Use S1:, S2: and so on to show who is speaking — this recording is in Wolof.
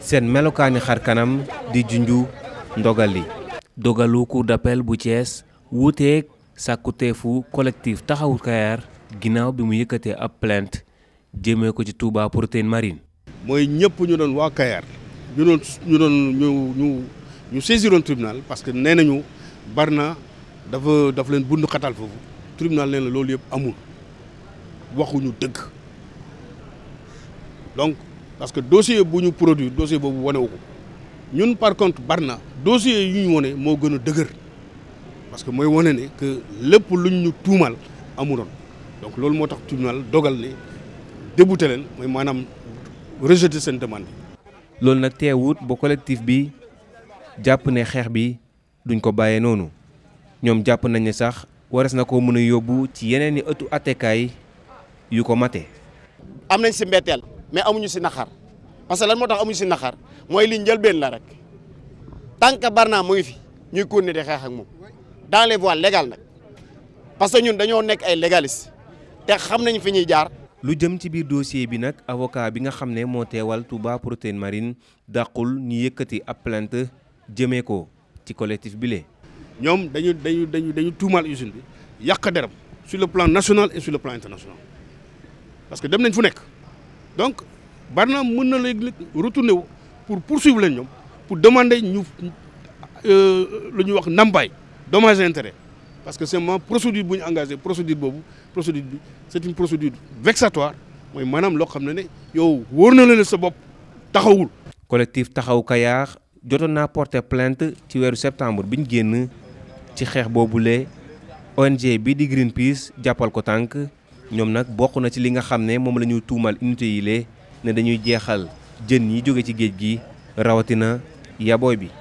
S1: seen melokaani xar kanam di junju ndogal li dogalu cour bu Thiès wuuteeg sàkkuteefu collectif taxawu Kayar ginnaaw bi mu yëkkatee ab plainte jëmee ko ci Touba Protéine Marine.
S2: mooy ñëpp ñu doon waa Kayar ñu doon ñu doon ñu saisiroon tribunal parce que nee nañu bari na dafa dafa leen bund xatal foofu tribunal nee na loolu yëpp amul waxuñu dëgg parce que dossier bu ñu produit dossier boobu wane wu ñun par contre bari na dossier yu ñu wane moo gën a dëgër parce que mooy wane ne que lépp luñ ñu tuumaal amuloon donc loolu moo tax tribunal dogal ne débouté leen mooy maanaam
S1: rejeté seen demande loolu nag teewut ba collectif bi jàpp ne xeex bi duñ ko bàyyee noonu ñoom jàpp nañ ne sax wares na ko mën a yóbbu ci yeneen i ëttu attekaay yu ko mate.
S3: am nañ si mbetteel. mais amuñu si naxar parce que lan moo tax amuñu si naxar mooy li njëlbeen la rek tant que Bargny mu fi ñuy continuer di xeex ak moom dans les voies légales nag parce que ñun dañoo nekk ay légalistes te xam nañ fi ñuy jaar.
S1: lu jëm ci biir dossier bi nag avocat bi nga xam ne moo teewal Touba Protéine Marine dàqul ñu yëkkati ab plainte jëmee ko ci collectif le ñoom dañu dañu dañu dañu tuumaal usine bi yàq deram
S2: su le plan national et sur le plan international parce que dem nañ fu nekk. donc Bargny mën na léegi retourné wu pour poursuivre leen ñoom pour demander ñu euh, lu ñuy wax ndàmpaay dommage intérêt parce que c'est ma procédure bu ñu engagé procédure boobu procédure bi c'est une procédure vexatoire mooy maanaam loo xam ne ne yow
S1: wóor na la sa bopp taxawul. collectif taxawu Kayar jotoon naa porter plainte ci weeru septembre bi ñu génn ci xeex boobu boobule ONG bi di Greenpeace jàppal ko tànk. ñoom nag bokk na ci li nga xam ne moom la ñu tuumal unité yi lee ne dañuy jeexal jën yi jóge ci géej gi rawatina yabooy bi